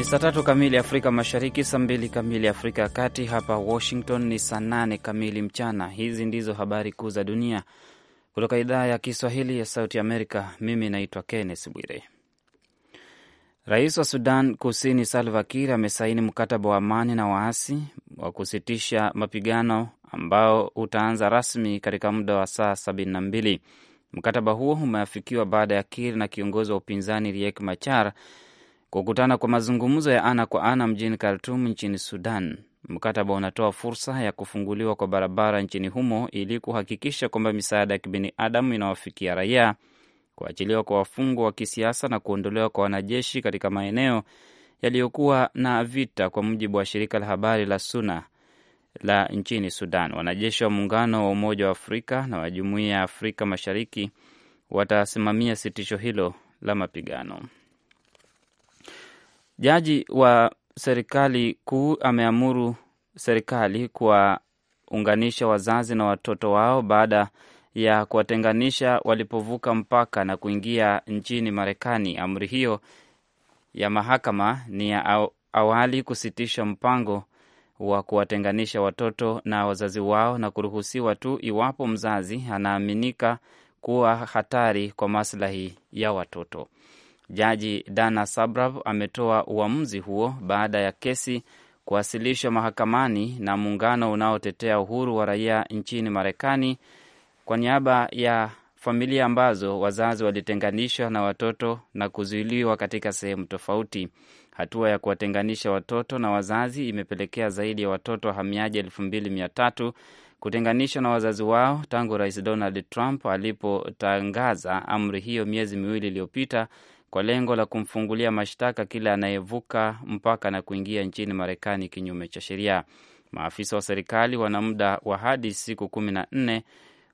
Ni saa tatu kamili Afrika Mashariki, saa mbili kamili Afrika ya Kati. Hapa Washington ni saa nane kamili mchana. Hizi ndizo habari kuu za dunia kutoka idhaa ya Kiswahili ya Sauti Amerika. Mimi naitwa kennes Bwire. Rais wa Sudan Kusini Salva Kiir amesaini mkataba wa amani na waasi wa kusitisha mapigano ambao utaanza rasmi katika muda wa saa mbili Mkataba huo umeafikiwa baada ya Kiir na kiongozi wa upinzani Riek Machar kukutana kwa mazungumzo ya ana kwa ana mjini Khartum nchini Sudan. Mkataba unatoa fursa ya kufunguliwa kwa barabara nchini humo ili kuhakikisha kwamba misaada ya kibinadamu inawafikia raia, kuachiliwa kwa wafungwa wa kisiasa na kuondolewa kwa wanajeshi katika maeneo yaliyokuwa na vita, kwa mujibu wa shirika la habari la Suna la nchini Sudan. Wanajeshi wa muungano wa Umoja wa Afrika na wa Jumuiya ya Afrika Mashariki watasimamia sitisho hilo la mapigano. Jaji wa serikali kuu ameamuru serikali kuwaunganisha wazazi na watoto wao baada ya kuwatenganisha walipovuka mpaka na kuingia nchini Marekani. Amri hiyo ya mahakama ni ya awali kusitisha mpango wa kuwatenganisha watoto na wazazi wao na kuruhusiwa tu iwapo mzazi anaaminika kuwa hatari kwa maslahi ya watoto. Jaji Dana Sabrav ametoa uamuzi huo baada ya kesi kuwasilishwa mahakamani na muungano unaotetea uhuru wa raia nchini Marekani kwa niaba ya familia ambazo wazazi walitenganishwa na watoto na kuzuiliwa katika sehemu tofauti. Hatua ya kuwatenganisha watoto na wazazi imepelekea zaidi ya watoto wahamiaji elfu mbili mia tatu kutenganishwa na wazazi wao tangu Rais Donald Trump alipotangaza amri hiyo miezi miwili iliyopita kwa lengo la kumfungulia mashtaka kila anayevuka mpaka na kuingia nchini Marekani kinyume cha sheria. Maafisa wa serikali wana muda wa hadi siku kumi na nne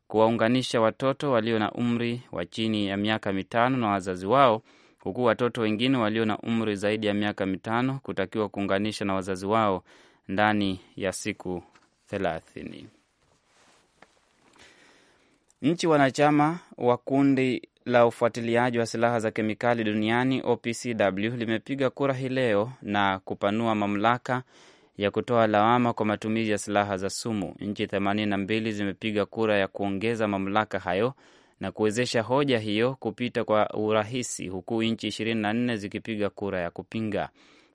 kuwaunganisha watoto walio na umri wa chini ya miaka mitano na wazazi wao, huku watoto wengine walio na umri zaidi ya miaka mitano kutakiwa kuunganisha na wazazi wao ndani ya siku thelathini. Nchi wanachama wa kundi la ufuatiliaji wa silaha za kemikali duniani OPCW limepiga kura hii leo na kupanua mamlaka ya kutoa lawama kwa matumizi ya silaha za sumu. Nchi 82 zimepiga kura ya kuongeza mamlaka hayo na kuwezesha hoja hiyo kupita kwa urahisi, huku nchi 24 zikipiga kura ya kupinga.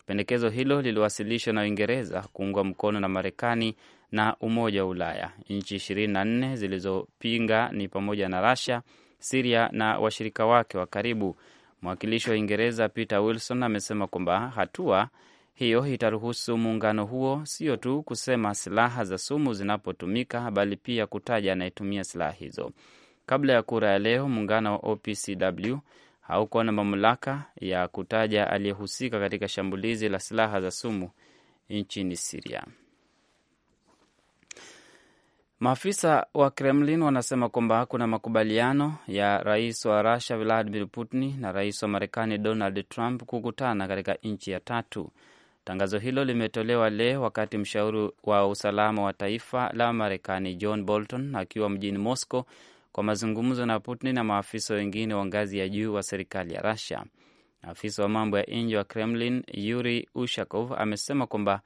Pendekezo hilo liliwasilishwa na Uingereza kuungwa mkono na Marekani na Umoja wa Ulaya. Nchi 24 zilizopinga ni pamoja na Rasia, Siria na washirika wake wa karibu. Mwakilishi wa Uingereza Peter Wilson amesema kwamba hatua hiyo itaruhusu muungano huo sio tu kusema silaha za sumu zinapotumika, bali pia kutaja anayetumia silaha hizo. Kabla ya kura ya leo, muungano wa OPCW haukuwa na mamlaka ya kutaja aliyehusika katika shambulizi la silaha za sumu nchini Siria. Maafisa wa Kremlin wanasema kwamba kuna makubaliano ya rais wa Rusia Vladimir Putin na rais wa Marekani Donald Trump kukutana katika nchi ya tatu. Tangazo hilo limetolewa leo wakati mshauri wa usalama wa taifa la Marekani John Bolton akiwa mjini Moscow kwa mazungumzo na Putin na maafisa wengine wa ngazi ya juu wa serikali ya Rusia. Afisa wa mambo ya nje wa Kremlin Yuri Ushakov amesema kwamba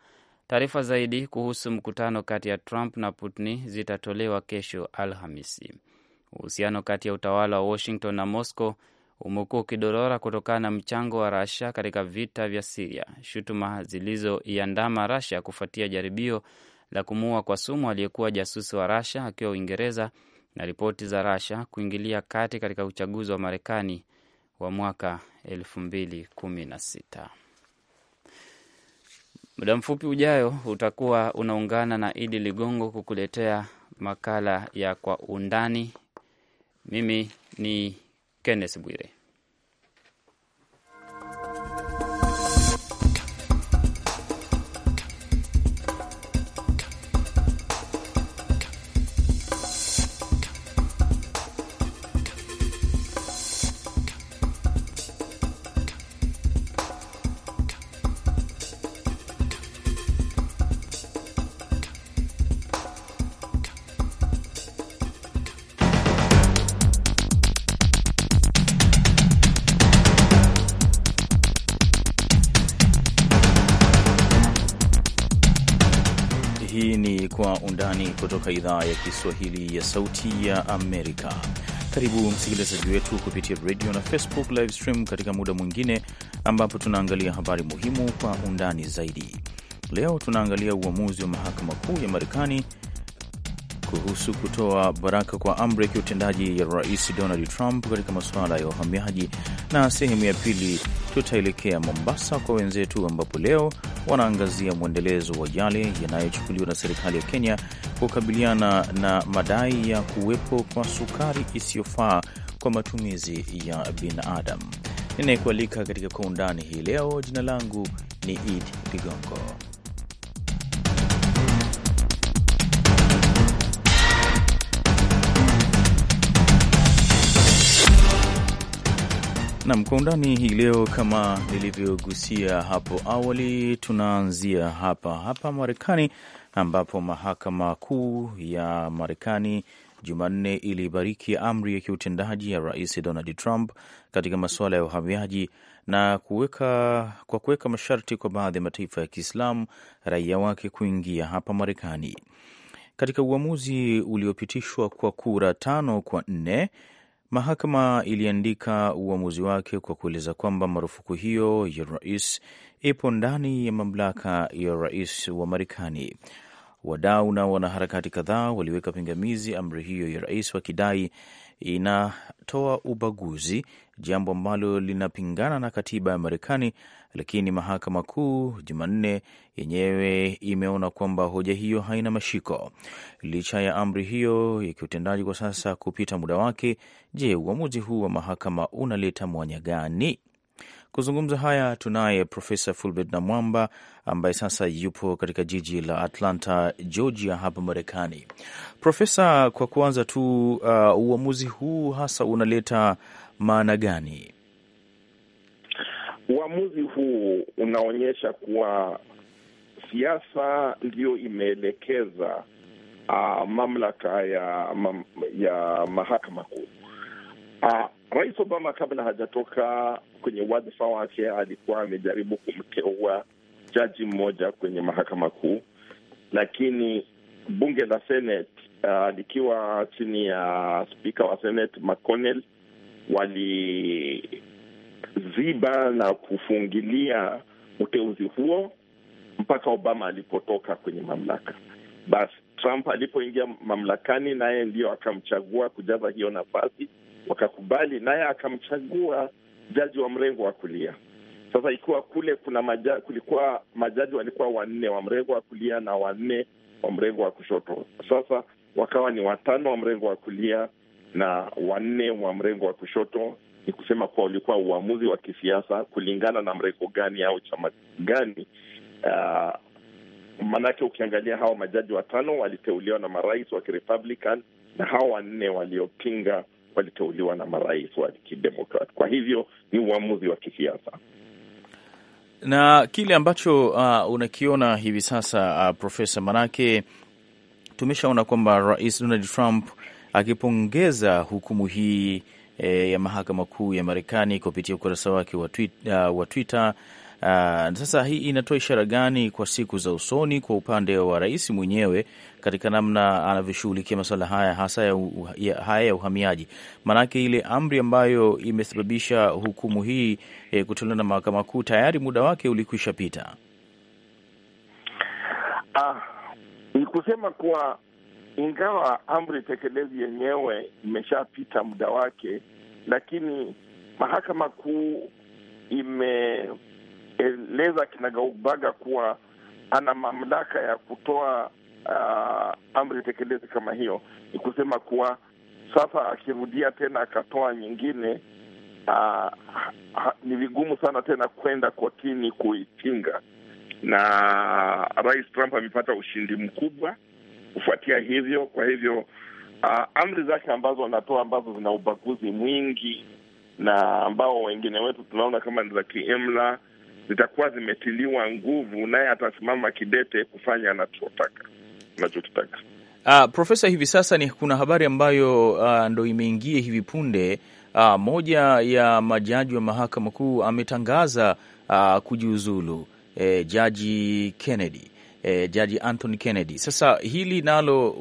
Taarifa zaidi kuhusu mkutano kati ya Trump na Putin zitatolewa kesho Alhamisi. Uhusiano kati ya utawala wa Washington na Moscow umekuwa ukidorora kutokana na mchango wa rasha katika vita vya Siria, shutuma zilizoiandama rasha kufuatia jaribio la kumuua kwa sumu aliyekuwa jasusi wa rasha akiwa Uingereza na ripoti za rasha kuingilia kati katika uchaguzi wa Marekani wa mwaka 216 Muda mfupi ujayo utakuwa unaungana na Idi Ligongo kukuletea makala ya Kwa Undani. Mimi ni Kenneth Bwire. Undani kutoka idhaa ya Kiswahili ya Sauti ya Amerika. Karibu msikilizaji wetu kupitia radio na Facebook live stream katika muda mwingine ambapo tunaangalia habari muhimu kwa undani zaidi. Leo tunaangalia uamuzi wa mahakama kuu ya Marekani kuhusu kutoa baraka kwa amri ya kiutendaji ya Rais Donald Trump katika masuala ya uhamiaji, na sehemu ya pili tutaelekea Mombasa kwa wenzetu, ambapo leo wanaangazia mwendelezo wa yale yanayochukuliwa na serikali ya Kenya kukabiliana na madai ya kuwepo kwa sukari isiyofaa kwa matumizi ya binadamu. Ninayekualika katika kwa undani hii leo, jina langu ni Idi Ligongo. Nam kwa undani hii leo, kama nilivyogusia hapo awali, tunaanzia hapa hapa Marekani, ambapo mahakama kuu ya Marekani Jumanne ilibariki amri ya kiutendaji ya Rais Donald Trump katika masuala ya uhamiaji na kuweka, kwa kuweka masharti kwa baadhi ya mataifa ya Kiislamu raia wake kuingia hapa Marekani. Katika uamuzi uliopitishwa kwa kura tano kwa nne Mahakama iliandika uamuzi wake kwa kueleza kwamba marufuku hiyo ya rais ipo ndani ya mamlaka ya rais wa Marekani. Wadau na wanaharakati kadhaa waliweka pingamizi amri hiyo ya rais, wakidai inatoa ubaguzi, jambo ambalo linapingana na katiba ya Marekani. Lakini mahakama kuu Jumanne yenyewe imeona kwamba hoja hiyo haina mashiko. Licha ya amri hiyo ya kiutendaji kwa sasa kupita muda wake, je, uamuzi huu wa mahakama unaleta mwanya gani? Kuzungumza haya tunaye Profesa Fulbert Namwamba ambaye sasa yupo katika jiji la Atlanta, Georgia, hapa Marekani. Profesa, kwa kuanza tu, uh, uamuzi huu hasa unaleta maana gani? Uamuzi huu unaonyesha kuwa siasa ndiyo imeelekeza uh, mamlaka ya, mam, ya mahakama kuu uh, Rais Obama kabla hajatoka kwenye wadhifa wake alikuwa amejaribu kumteua jaji mmoja kwenye mahakama kuu, lakini bunge la Senate uh, likiwa chini ya spika wa Senate McConnell waliziba na kufungilia uteuzi huo mpaka Obama alipotoka kwenye mamlaka. Basi Trump alipoingia mamlakani, naye ndiyo akamchagua kujaza hiyo nafasi wakakubali, naye akamchagua jaji wa mrengo wa kulia. Sasa ikiwa kule kuna maja, kulikuwa majaji walikuwa wanne wa mrengo wa kulia na wanne wa mrengo wa kushoto, sasa wakawa ni watano wa mrengo wa kulia na wanne wa mrengo wa kushoto. Ni kusema kuwa ulikuwa uamuzi wa kisiasa kulingana na mrengo gani au chama gani. Uh, ah, maanake ukiangalia hawa majaji watano waliteuliwa na marais wa Kirepublican na hawa wanne waliopinga waliteuliwa na marais wa kidemokrat. Kwa hivyo ni uamuzi wa kisiasa na kile ambacho uh, unakiona hivi sasa uh, Profesa, manake tumeshaona kwamba Rais Donald Trump akipongeza hukumu hii eh, ya mahakama kuu ya Marekani kupitia ukurasa wake wa uh, wa Twitter Ah, sasa hii inatoa ishara gani kwa siku za usoni kwa upande wa rais mwenyewe katika namna anavyoshughulikia masuala haya hasa ya, uh, ya, haya ya uhamiaji? Maanake ile amri ambayo imesababisha hukumu hii eh, kutolewa na mahakama kuu tayari muda wake ulikwisha pita. Ah, ni kusema kuwa ingawa amri tekelezi yenyewe imeshapita muda wake, lakini mahakama kuu ime ameeleza kinagaubaga kuwa ana mamlaka ya kutoa uh, amri tekelezi kama hiyo. Ni kusema kuwa sasa akirudia tena akatoa nyingine uh, ha, ni vigumu sana tena kwenda kotini kuipinga. Na Rais Trump amepata ushindi mkubwa kufuatia hivyo. Kwa hivyo uh, amri zake ambazo anatoa ambazo zina ubaguzi mwingi na ambao wengine wetu tunaona kama ni za kiimla zitakuwa zimetiliwa nguvu, naye atasimama kidete kufanya anachotaka anachotaka. Uh, Profesa, hivi sasa ni kuna habari ambayo uh, ah, ndo imeingia hivi punde uh, moja ya majaji wa mahakama kuu ametangaza uh, kujiuzulu eh, Jaji Kennedy eh, Jaji Anthony Kennedy. Sasa hili nalo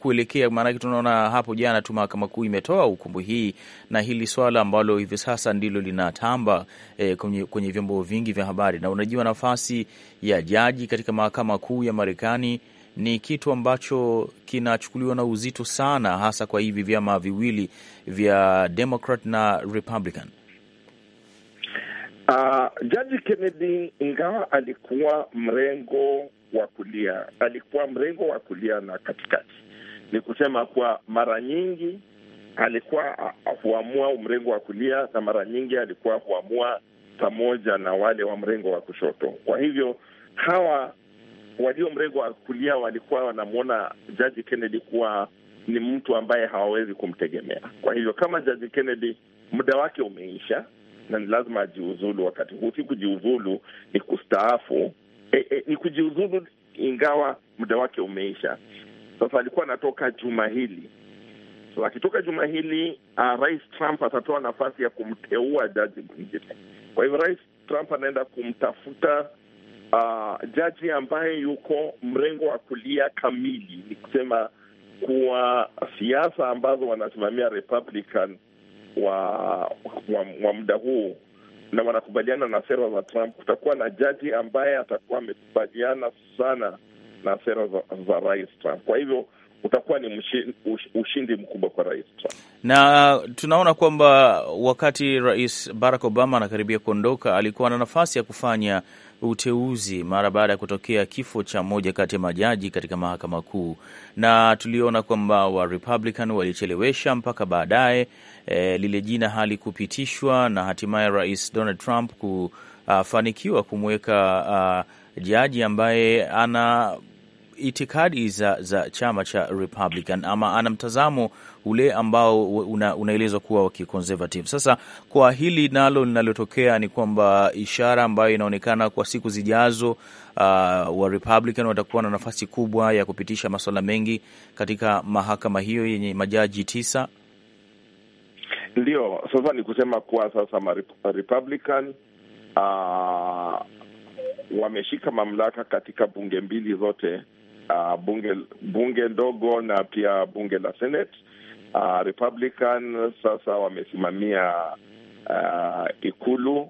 kuelekea, maanake tunaona hapo jana tu mahakama kuu imetoa hukumu hii, na hili swala ambalo hivi sasa ndilo linatamba eh, kwenye, kwenye vyombo vingi vya habari. Na unajua nafasi ya jaji katika mahakama kuu ya Marekani ni kitu ambacho kinachukuliwa na uzito sana, hasa kwa hivi vyama viwili vya Democrat na Republican. Uh, Jaji Kennedy ingawa alikuwa mrengo wa kulia, alikuwa mrengo wa kulia na katikati. Ni kusema kuwa mara nyingi alikuwa huamua mrengo wa kulia na mara nyingi alikuwa huamua pamoja na wale wa mrengo wa kushoto. Kwa hivyo hawa walio mrengo wa kulia walikuwa wanamwona Jaji Kennedy kuwa ni mtu ambaye hawawezi kumtegemea. Kwa hivyo kama Jaji Kennedy muda wake umeisha na ni lazima ajiuzulu wakati huu, si kujiuzulu, ni kustaafu, e, e, ni kujiuzulu ingawa muda wake umeisha. Sasa alikuwa anatoka juma hili so, akitoka juma hili uh, Rais Trump atatoa nafasi ya kumteua jaji mwingine. Kwa hivyo Rais Trump anaenda kumtafuta uh, jaji ambaye yuko mrengo wa kulia kamili, ni kusema kuwa siasa ambazo wanasimamia Republican wa, wa, wa muda huu na wanakubaliana na sera za Trump, kutakuwa na jaji ambaye atakuwa amekubaliana sana na sera za, za rais Trump. Kwa hivyo utakuwa ni mshindi, ushindi mkubwa kwa rais Trump. Na uh, tunaona kwamba wakati rais Barack Obama anakaribia kuondoka, alikuwa na nafasi ya kufanya uteuzi mara baada ya kutokea kifo cha moja kati ya majaji katika mahakama kuu, na tuliona kwamba wa Republican walichelewesha mpaka baadaye e, lile jina hali kupitishwa na hatimaye Rais Donald Trump kufanikiwa ah, kumweka uh, jaji ambaye ana itikadi za, za chama cha Republican ama ana mtazamo ule ambao una, unaelezwa kuwa wa kiconservative. Sasa kwa hili nalo linalotokea ni kwamba ishara ambayo inaonekana kwa siku zijazo, uh, wa Republican watakuwa na nafasi kubwa ya kupitisha masuala mengi katika mahakama hiyo yenye majaji tisa. Ndio sasa ni kusema kuwa sasa ma Republican uh, wameshika mamlaka katika bunge mbili zote, uh, bunge bunge ndogo na pia bunge la Senate Uh, Republican sasa wamesimamia uh, ikulu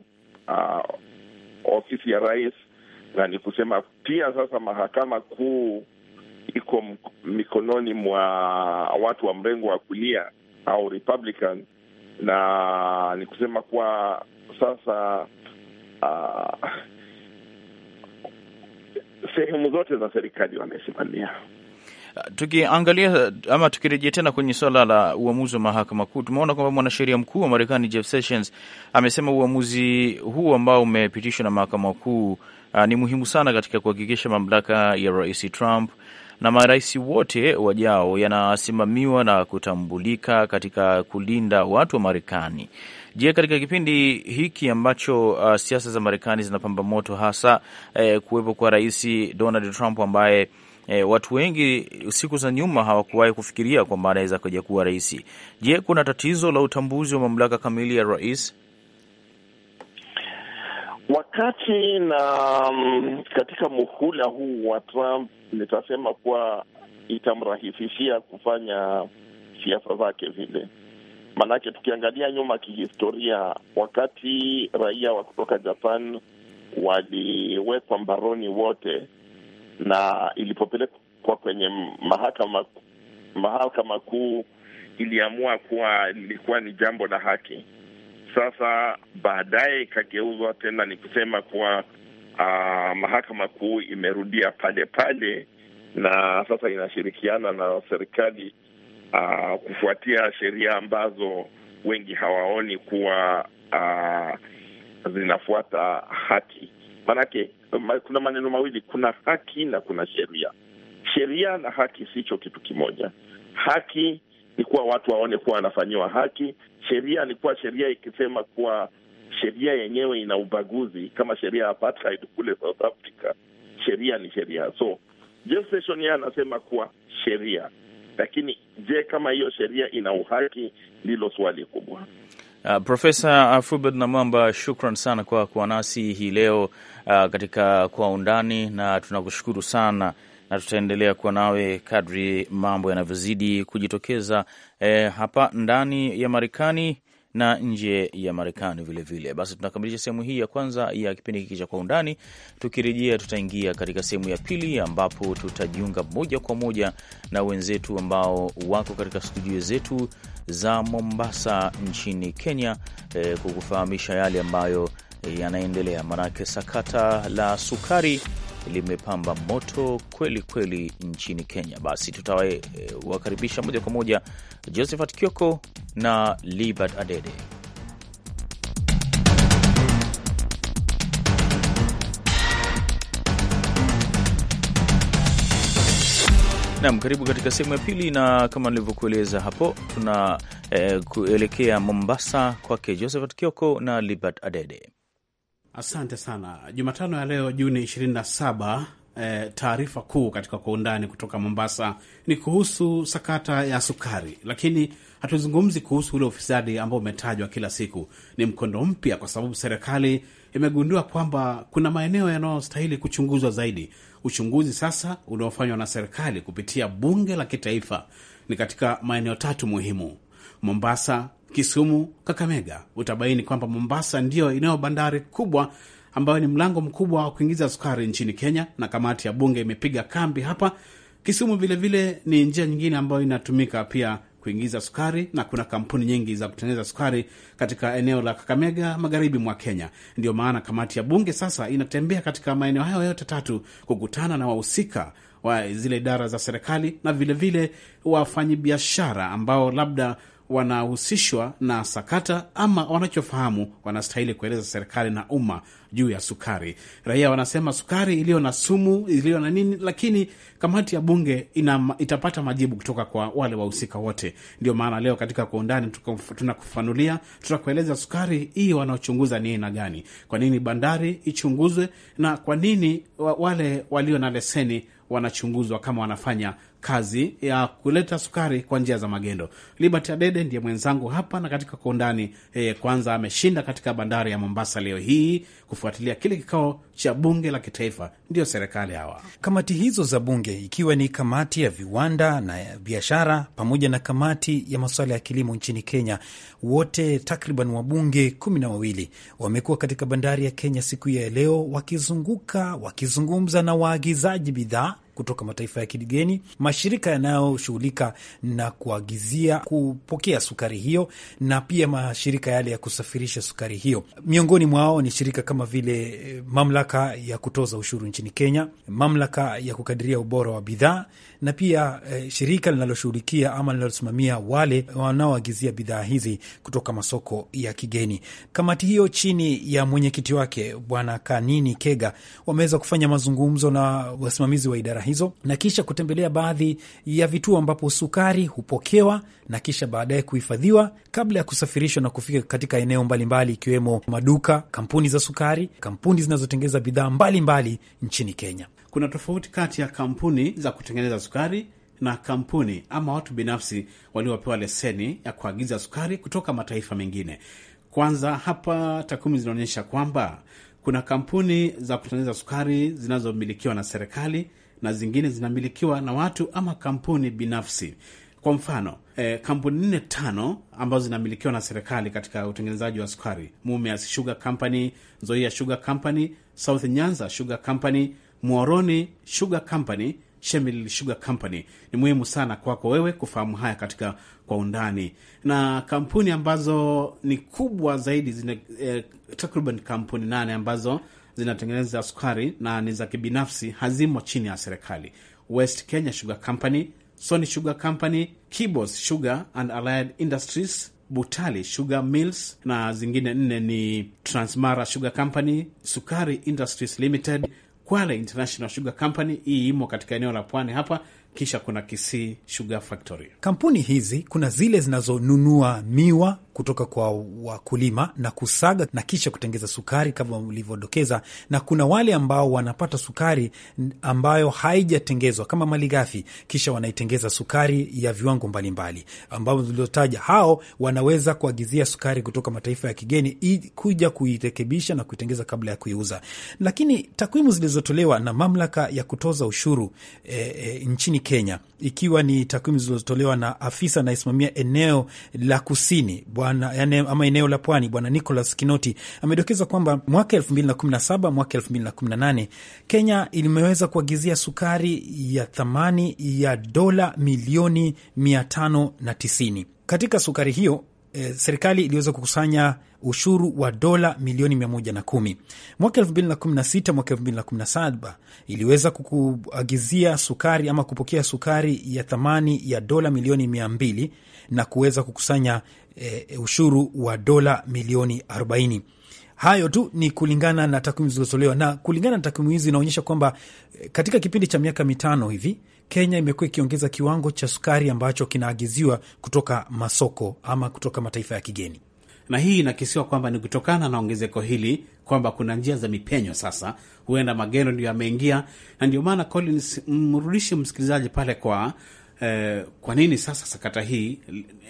uh, ofisi ya rais, na ni kusema pia sasa mahakama kuu iko mikononi mwa watu wa mrengo wa kulia au Republican, na ni kusema kuwa sasa uh, sehemu zote za serikali wamesimamia Tukiangalia ama tukirejea tena kwenye swala la uamuzi wa mahakama kuu, tumeona kwamba mwanasheria mkuu wa Marekani Jeff Sessions amesema uamuzi huu ambao umepitishwa na mahakama kuu uh, ni muhimu sana katika kuhakikisha mamlaka ya Rais Trump na marais wote wajao yanasimamiwa na kutambulika katika kulinda watu wa Marekani. Je, katika kipindi hiki ambacho uh, siasa za Marekani zinapamba moto hasa eh, kuwepo kwa Rais Donald Trump ambaye e, watu wengi siku za nyuma hawakuwahi kufikiria kwamba anaweza kuja kuwa rais. Je, kuna tatizo la utambuzi wa mamlaka kamili ya rais wakati na um, katika muhula huu wa Trump nitasema kuwa itamrahisishia kufanya siasa zake vile. Maanake tukiangalia nyuma kihistoria, wakati raia wa kutoka Japan waliwekwa mbaroni wote na ilipopelekwa kwenye mahakama mahakama kuu iliamua kuwa lilikuwa ni jambo la haki. Sasa baadaye ikageuzwa tena, ni kusema kuwa uh, mahakama kuu imerudia pale pale, na sasa inashirikiana na serikali uh, kufuatia sheria ambazo wengi hawaoni kuwa uh, zinafuata haki maanake kuna maneno mawili, kuna haki na kuna sheria. Sheria na haki sicho kitu kimoja. Haki ni kuwa watu waone kuwa wanafanyiwa haki. Sheria ni kuwa sheria ikisema kuwa sheria yenyewe ina ubaguzi, kama sheria ya apartheid kule South Africa. Sheria ni sheria, so Jeff Sessions yeye anasema kuwa sheria, lakini je, kama hiyo sheria ina uhaki? Ndilo swali kubwa. Uh, Profesa Fulbert Namwamba, shukran sana kwa kuwa nasi hii leo uh, katika kwa undani, na tunakushukuru sana na tutaendelea kuwa nawe kadri mambo yanavyozidi kujitokeza eh, hapa ndani ya Marekani na nje ya Marekani vilevile. Basi tunakamilisha sehemu hii ya kwanza ya kipindi hiki cha Kwa Undani. Tukirejea tutaingia katika sehemu ya pili, ambapo tutajiunga moja kwa moja na wenzetu ambao wako katika studio zetu za Mombasa nchini Kenya, eh, kukufahamisha yale ambayo eh, yanaendelea, manake sakata la sukari limepamba moto kweli kweli nchini Kenya. Basi tutawakaribisha moja kwa moja Josephat Kioko na Libert Adede. Nam, karibu katika sehemu ya pili, na kama nilivyokueleza hapo, tuna eh, kuelekea Mombasa kwake Josephat Kioko na Libert Adede. Asante sana. Jumatano ya leo Juni 27, eh, taarifa kuu katika kwa undani kutoka Mombasa ni kuhusu sakata ya sukari, lakini hatuzungumzi kuhusu ule ufisadi ambao umetajwa kila siku. Ni mkondo mpya, kwa sababu serikali imegundua kwamba kuna maeneo yanayostahili kuchunguzwa zaidi. Uchunguzi sasa unaofanywa na serikali kupitia bunge la kitaifa ni katika maeneo tatu muhimu: Mombasa, Kisumu, Kakamega, utabaini kwamba Mombasa ndiyo inayo bandari kubwa ambayo ni mlango mkubwa wa kuingiza sukari nchini Kenya, na kamati ya bunge imepiga kambi hapa Kisumu. Vilevile vile ni njia nyingine ambayo inatumika pia kuingiza sukari na kuna kampuni nyingi za kutengeneza sukari katika eneo la Kakamega, magharibi mwa Kenya. Ndiyo maana kamati ya bunge sasa inatembea katika maeneo hayo yote tatu kukutana na wahusika wa zile idara za serikali na vilevile wafanyibiashara ambao labda wanahusishwa na sakata ama wanachofahamu wanastahili kueleza serikali na umma juu ya sukari. Raia wanasema sukari iliyo na sumu, iliyo na nini, lakini kamati ya bunge ina, itapata majibu kutoka kwa wale wahusika wote. Ndio maana leo katika kwa undani tunakufanulia, tutakueleza sukari hii wanaochunguza ni aina gani, kwa nini bandari ichunguzwe, na kwa nini wale walio na leseni wanachunguzwa kama wanafanya kazi ya kuleta sukari kwa njia za magendo. Liberty Adede ndiye mwenzangu hapa na katika kwa undani e, kwanza ameshinda katika bandari ya Mombasa leo hii kufuatilia kile kikao cha bunge la kitaifa ndiyo serikali hawa. Kamati hizo za bunge ikiwa ni kamati ya viwanda na biashara pamoja na kamati ya masuala ya kilimo nchini Kenya, wote takriban wabunge kumi na wawili wamekuwa katika bandari ya Kenya siku ya leo, wakizunguka wakizungumza na waagizaji bidhaa kutoka mataifa ya kigeni, mashirika yanayoshughulika na kuagizia kupokea sukari hiyo, na pia mashirika yale ya kusafirisha sukari hiyo. Miongoni mwao ni shirika kama vile eh, mamlaka mamlaka ya kutoza ushuru nchini Kenya, mamlaka ya kukadiria ubora wa bidhaa na pia eh, shirika linaloshughulikia ama linalosimamia wale wanaoagizia bidhaa hizi kutoka masoko ya kigeni. Kamati hiyo chini ya mwenyekiti wake Bwana Kanini Kega wameweza kufanya mazungumzo na wasimamizi wa idara hizo na kisha kutembelea baadhi ya vituo ambapo sukari hupokewa na kisha baadaye kuhifadhiwa kabla ya kusafirishwa na kufika katika eneo mbalimbali ikiwemo mbali, maduka, kampuni za sukari, kampuni zinazotengeza bidhaa mbalimbali nchini Kenya kuna tofauti kati ya kampuni za kutengeneza sukari na kampuni ama watu binafsi waliopewa leseni ya kuagiza sukari kutoka mataifa mengine. Kwanza hapa takwimu zinaonyesha kwamba kuna kampuni za kutengeneza sukari zinazomilikiwa na serikali na zingine zinamilikiwa na watu ama kampuni binafsi. Kwa mfano eh, kampuni nne tano ambazo zinamilikiwa na serikali katika utengenezaji wa sukari: Mumias Sugar Company, Nzoia Sugar Company, South Nyanza Sugar Company, Muoroni Sugar Company, Shemil Sugar Company. Ni muhimu sana kwako wewe kufahamu haya katika kwa undani, na kampuni ambazo ni kubwa zaidi zina eh, takriban kampuni nane ambazo zinatengeneza sukari na ni za kibinafsi, hazimo chini ya serikali: West Kenya Sugar Company, Sony Sugar Company, Kibos Sugar and Allied Industries, Butali Sugar Mills na zingine nne ni Transmara Sugar Company, Sukari Industries Limited, Kwale International Sugar Company hii imo katika eneo la pwani hapa kisha kuna Kisii Sugar Factory. Kampuni hizi kuna zile zinazonunua miwa kutoka kwa wakulima na kusaga na kisha kutengeza sukari kama ulivyodokeza, na kuna wale ambao wanapata sukari ambayo haijatengezwa kama malighafi, kisha wanaitengeza sukari ya viwango mbalimbali ambao ziliotaja. Hao wanaweza kuagizia sukari kutoka mataifa ya kigeni kuja kuirekebisha na kuitengeza kabla ya kuiuza. Lakini takwimu zilizotolewa na mamlaka ya kutoza ushuru e, e, nchini Kenya, ikiwa ni takwimu zilizotolewa na afisa anayesimamia eneo la kusini bwana yani, ama eneo la pwani bwana Nicholas Kinoti amedokeza kwamba mwaka 2017 mwaka 2018 Kenya ilimeweza kuagizia sukari ya thamani ya dola milioni 590. Katika sukari hiyo eh, serikali iliweza kukusanya ushuru wa dola milioni mia na kumi Mwaka sita mwaka saba iliweza kukuagizia sukari ama kupokea sukari ya thamani ya dola milioni mia mbili na kuweza kukusanya eh, ushuru wa dola milioni arobaini. Hayo tu ni kulingana na takwimu zilizotolewa, na kulingana na takwimu hizi inaonyesha kwamba eh, katika kipindi cha miaka mitano hivi Kenya imekuwa ikiongeza kiwango cha sukari ambacho kinaagiziwa kutoka masoko ama kutoka mataifa ya kigeni, na hii inakisiwa kwamba ni kutokana na ongezeko hili kwamba kuna njia za mipenyo sasa, huenda magendo ndio yameingia, na ndio maana Collins, mrudishi msikilizaji pale kwa Eh, kwa nini sasa sakata hii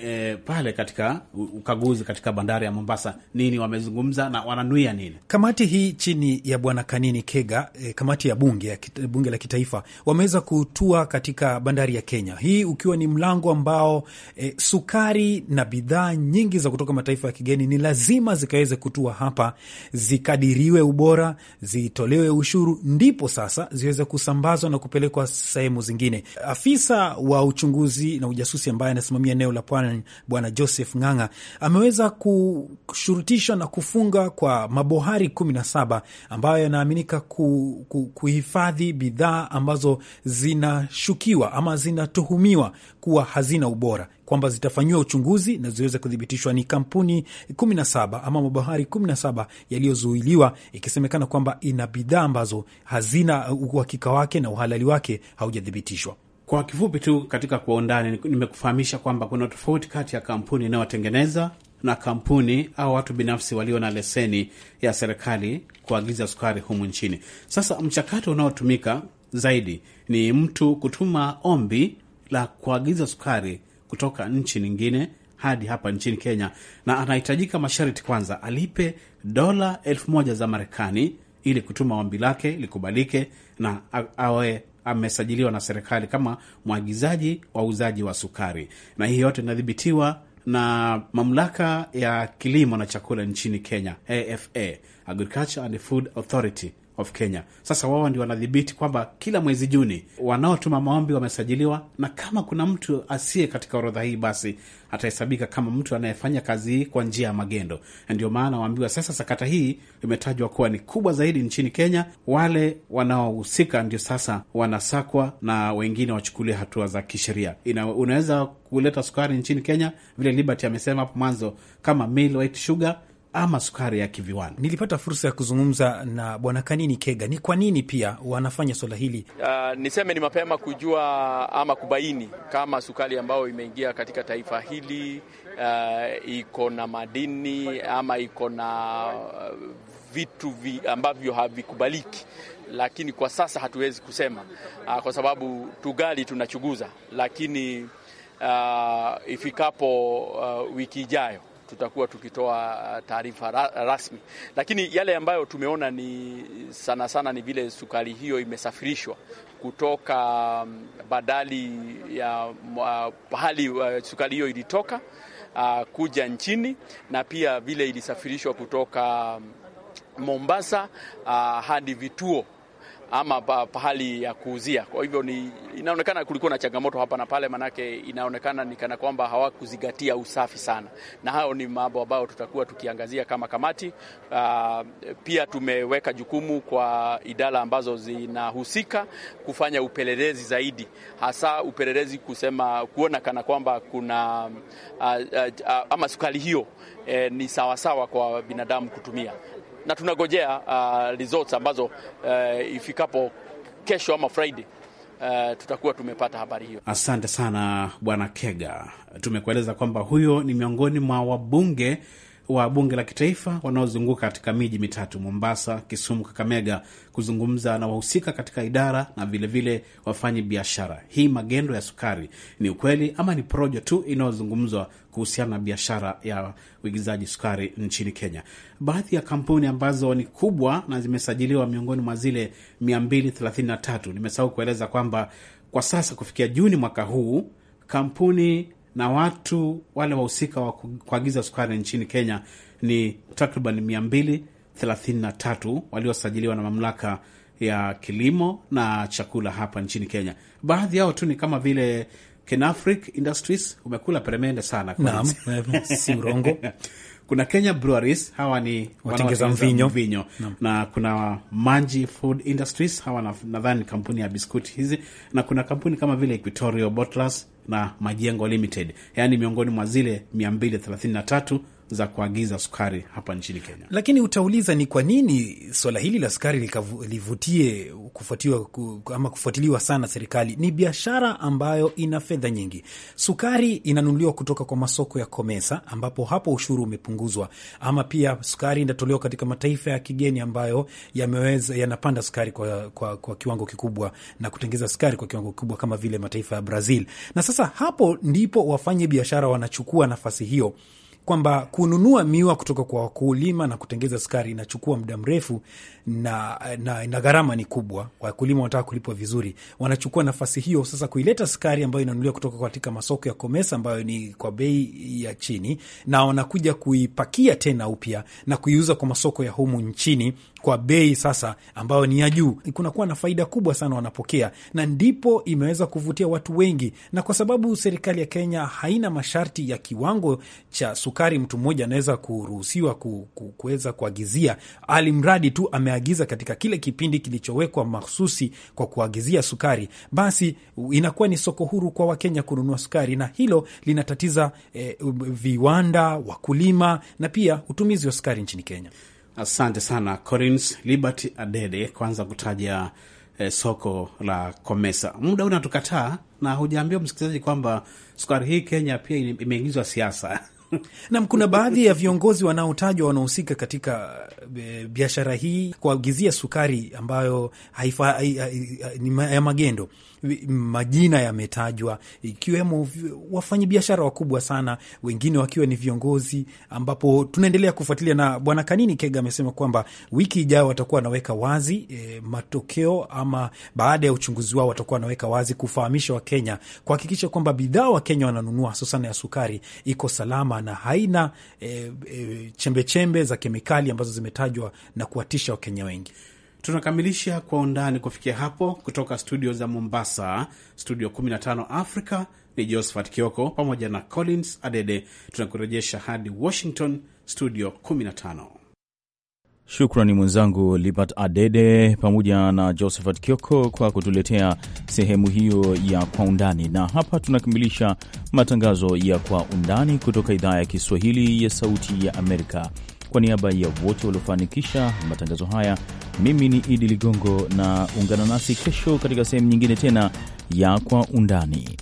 eh, pale katika ukaguzi katika bandari ya Mombasa, nini wamezungumza na wananuia nini? Kamati hii chini ya bwana Kanini Kega eh, kamati ya bunge ya bunge la kitaifa wameweza kutua katika bandari ya Kenya, hii ukiwa ni mlango ambao eh, sukari na bidhaa nyingi za kutoka mataifa ya kigeni ni lazima zikaweze kutua hapa, zikadiriwe ubora, zitolewe ushuru, ndipo sasa ziweze kusambazwa na kupelekwa sehemu zingine. Afisa wa uchunguzi na ujasusi ambaye anasimamia eneo la pwani Bwana Joseph Ng'ang'a ameweza kushurutisha na kufunga kwa mabohari kumi na saba ambayo yanaaminika ku, ku, kuhifadhi bidhaa ambazo zinashukiwa ama zinatuhumiwa kuwa hazina ubora kwamba zitafanyiwa uchunguzi na ziweze kuthibitishwa. Ni kampuni 17 ama mabohari 17 yaliyozuiliwa, ikisemekana kwamba ina bidhaa ambazo hazina uhakika wake na uhalali wake haujathibitishwa. Kwa kifupi tu, katika kwa undani, nimekufahamisha kwamba kuna tofauti kati ya kampuni inayotengeneza na kampuni au watu binafsi walio na leseni ya serikali kuagiza sukari humu nchini. Sasa mchakato unaotumika zaidi ni mtu kutuma ombi la kuagiza sukari kutoka nchi nyingine hadi hapa nchini Kenya, na anahitajika masharti. Kwanza alipe dola elfu moja za Marekani ili kutuma ombi lake likubalike na awe amesajiliwa na serikali kama mwagizaji wauzaji wa sukari, na hii yote inadhibitiwa na mamlaka ya kilimo na chakula nchini Kenya, AFA, Agriculture and Food Authority of Kenya. Sasa wao ndio wanadhibiti kwamba kila mwezi Juni wanaotuma maombi wamesajiliwa, na kama kuna mtu asiye katika orodha hii, basi atahesabika kama mtu anayefanya kazi hii kwa njia ya magendo. Ndio maana waambiwa sasa, sakata hii imetajwa kuwa ni kubwa zaidi nchini Kenya. Wale wanaohusika ndio sasa wanasakwa na wengine wachukulie hatua za kisheria. Unaweza kuleta sukari nchini Kenya, vile Liberty amesema hapo mwanzo, kama milk white sugar ama sukari ya kiviwanda. Nilipata fursa ya kuzungumza na Bwana Kanini Kega, ni kwa nini pia wanafanya swala hili. Uh, niseme ni mapema kujua ama kubaini kama sukari ambayo imeingia katika taifa hili uh, iko na madini ama iko na uh, vitu vi ambavyo havikubaliki lakini kwa sasa hatuwezi kusema ah, kwa sababu tugali tunachunguza, lakini uh, ifikapo uh, wiki ijayo tutakuwa tukitoa uh, taarifa rasmi, lakini yale ambayo tumeona ni sana sana ni vile sukari hiyo imesafirishwa kutoka um, badali ya uh, pahali uh, sukari hiyo ilitoka kuja nchini na pia vile ilisafirishwa kutoka um, Mombasa hadi vituo ama pahali ya kuuzia. Kwa hivyo ni inaonekana kulikuwa na changamoto hapa na pale, manake inaonekana ni kana kwamba hawakuzingatia usafi sana, na hayo ni mambo ambayo tutakuwa tukiangazia kama kamati. Uh, pia tumeweka jukumu kwa idara ambazo zinahusika kufanya upelelezi zaidi, hasa upelelezi kusema kuona kana kwamba kuna uh, uh, uh, ama sukari hiyo E, ni sawasawa kwa binadamu kutumia, na tunagojea uh, results ambazo uh, ifikapo kesho ama Friday Uh, tutakuwa tumepata habari hiyo. Asante sana Bwana Kega, tumekueleza kwamba huyo ni miongoni mwa wabunge wa bunge la kitaifa wanaozunguka katika miji mitatu Mombasa, Kisumu, Kakamega, kuzungumza na wahusika katika idara na vilevile wafanyi biashara. Hii magendo ya sukari ni ukweli ama ni proja tu inayozungumzwa kuhusiana na biashara ya uigizaji sukari nchini Kenya. Baadhi ya kampuni ambazo ni kubwa na zimesajiliwa miongoni mwa zile 233, nimesahau kueleza kwamba kwa sasa kufikia Juni mwaka huu kampuni na watu wale wahusika wa kuagiza sukari nchini Kenya ni takriban 233 waliosajiliwa na mamlaka ya kilimo na chakula hapa nchini Kenya. Baadhi yao tu ni kama vile Kenafric Industries umekula peremende sana. Naam, eh, si urongo. Kuna Kenya Breweries, hawa ni watengeza mvinyo, mvinyo. Na kuna Manji Food Industries, hawa nadhani kampuni ya biskuti hizi, na kuna kampuni kama vile Equatorial Bottlers na Majengo Limited, yaani miongoni mwa zile 233 za kuagiza sukari hapa nchini Kenya. Lakini utauliza ni kwa nini swala hili la sukari livutie kufuatiwa ama kufuatiliwa sana serikali? Ni biashara ambayo ina fedha nyingi. Sukari inanunuliwa kutoka kwa masoko ya Komesa, ambapo hapo ushuru umepunguzwa, ama pia sukari inatolewa katika mataifa ya kigeni ambayo yameweza yanapanda sukari kwa, kwa, kwa kiwango kikubwa na kutengeza sukari kwa kiwango kikubwa kama vile mataifa ya Brazil na sasa hapo ndipo wafanye biashara wanachukua nafasi hiyo kwamba kununua miwa kutoka kwa wakulima na kutengeza sukari inachukua muda mrefu na, na, na gharama ni kubwa. Wakulima wanataka kulipwa vizuri, wanachukua nafasi hiyo sasa kuileta sukari ambayo inanunuliwa kutoka katika masoko ya Komesa ambayo ni kwa bei ya chini, na wanakuja kuipakia tena upya na kuiuza kwa masoko ya humu nchini kwa bei sasa ambayo ni ya juu. Kunakuwa na faida kubwa sana wanapokea, na ndipo imeweza kuvutia watu wengi, na kwa sababu serikali ya Kenya haina masharti ya kiwango cha su sukari mtu mmoja anaweza kuruhusiwa kuweza kuagizia, alimradi tu ameagiza katika kile kipindi kilichowekwa mahususi kwa kuagizia sukari, basi inakuwa ni soko huru kwa Wakenya kununua sukari, na hilo linatatiza eh, viwanda, wakulima na pia utumizi wa sukari nchini Kenya. Asante sana Collins Liberty Adede, kwanza kutaja eh, soko la Komesa. Muda unatukataa na hujaambiwa msikilizaji kwamba sukari hii Kenya pia imeingizwa siasa Nam, kuna baadhi ya viongozi wanaotajwa wanahusika katika eh, biashara hii kuagizia sukari ambayo haifa, ya magendo. Majina yametajwa ikiwemo wafanyi biashara wakubwa sana, wengine wakiwa ni viongozi, ambapo tunaendelea kufuatilia. Na Bwana Kanini Kega amesema kwamba wiki ijayo watakuwa wanaweka wazi e, matokeo ama baada ya uchunguzi wao watakuwa wanaweka wazi kufahamisha Wakenya kuhakikisha kwamba bidhaa Wakenya wananunua hususan ya sukari iko salama maana haina e, e, chembechembe za kemikali ambazo zimetajwa na kuwatisha Wakenya wengi. Tunakamilisha kwa undani kufikia hapo. Kutoka studio za Mombasa, studio 15 Africa ni Josephat Kioko pamoja na Collins Adede. Tunakurejesha hadi Washington, studio 15. Shukrani mwenzangu Libert Adede pamoja na Josephat Kioko kwa kutuletea sehemu hiyo ya Kwa Undani, na hapa tunakamilisha matangazo ya Kwa Undani kutoka idhaa ya Kiswahili ya Sauti ya Amerika. Kwa niaba ya wote waliofanikisha matangazo haya, mimi ni Idi Ligongo na ungana nasi kesho katika sehemu nyingine tena ya Kwa Undani.